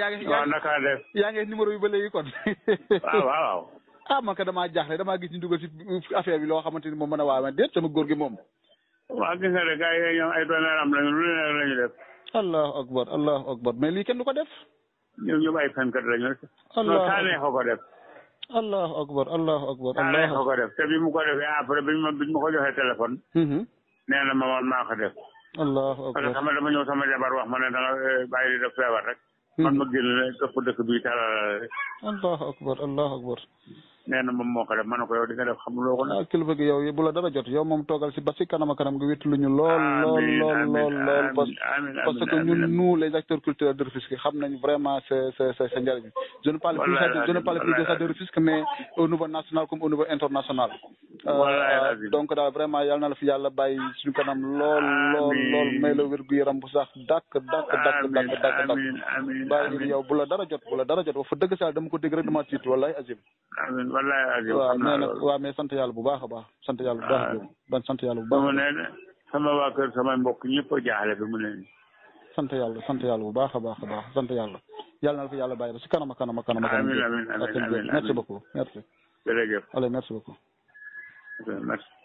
yaa ngi. waaw naka la def yaa ngi numéro bi ba léegi kon. waaw waaw. ah man ka damaa jaaxle damaa gis ñu dugal ci affaire bi loo xamante ni moom mën a waaw déet sama góor gi moom. waaw gis nga de gars yi ñoom ay doon am lañu lu leen lañu def. allahu akbar allahu akbar allahu akbar allahu na ma man maa ko def. allahu akbar parce que xam nga dama ñëw sama jabar wax ma ne danga eh, bàyyi def feebar rek. man ma génn leen këpp dëkk bi taalaale. allahu akbar allahu akbar. nee na moom moo ko def ma ne ko yow di nga def xam loo ko. ah kilifa gi dara jot yow moom toogal si ba si kanam a kanam nga lool. lool lool parce que ñun nous les acteurs de Rufisque xam nañ vraiment sa sa sa sa njëriñ. je ne parle de ça mais au niveau national comme au niveau international. Euh, donc daal vraiment yal na la fi yàlla bàyyi suñu kanam lool lool lool may la wér gu yaram bu sax dàkk dàkk dàkk dàkk dàkk dàkk bàyyi yow bu la dara jot bu la dara jot wax fa dëgg saa dama ko dégg rek dama tiit wallaay azim amiin wallaay azim waaw mais nag waaw mais sant yàlla bu baax a baax sant yàlla bu baax ah. ban sant yàlla bu baax mu ne sama waa kër sama mbokk ñëpp a jaaxle fi mu ne sant yàlla sant yàlla bu baax a baax a baax sant yàlla yàlla na la fi yàlla bàyyi ba si kanam a kanam a kanam merci beaucoup merci allez merci beaucoup Euh, merci.